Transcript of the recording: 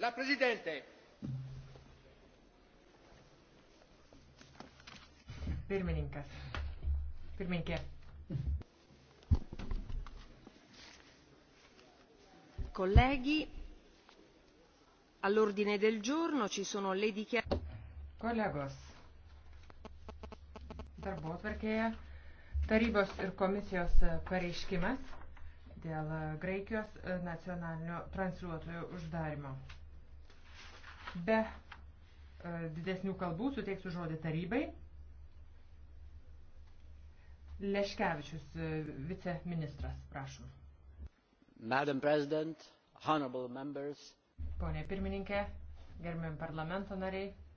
La Presidente. Pirmininkas. Pirmininkė. Colleghi, all'ordine del giorno ci sono le dichiarazioni. Kolegos, darbo atverkėje tarybos ir komisijos pareiškimas dėl Graikijos nacionalinio transliuotojo uždarimo. Be e, didesnių kalbų suteiksiu žodį tarybai. Leškevičius, e, viceministras, prašom. Madam President, honorable members. Pone pirmininkė, gerbiam parlamento nariai,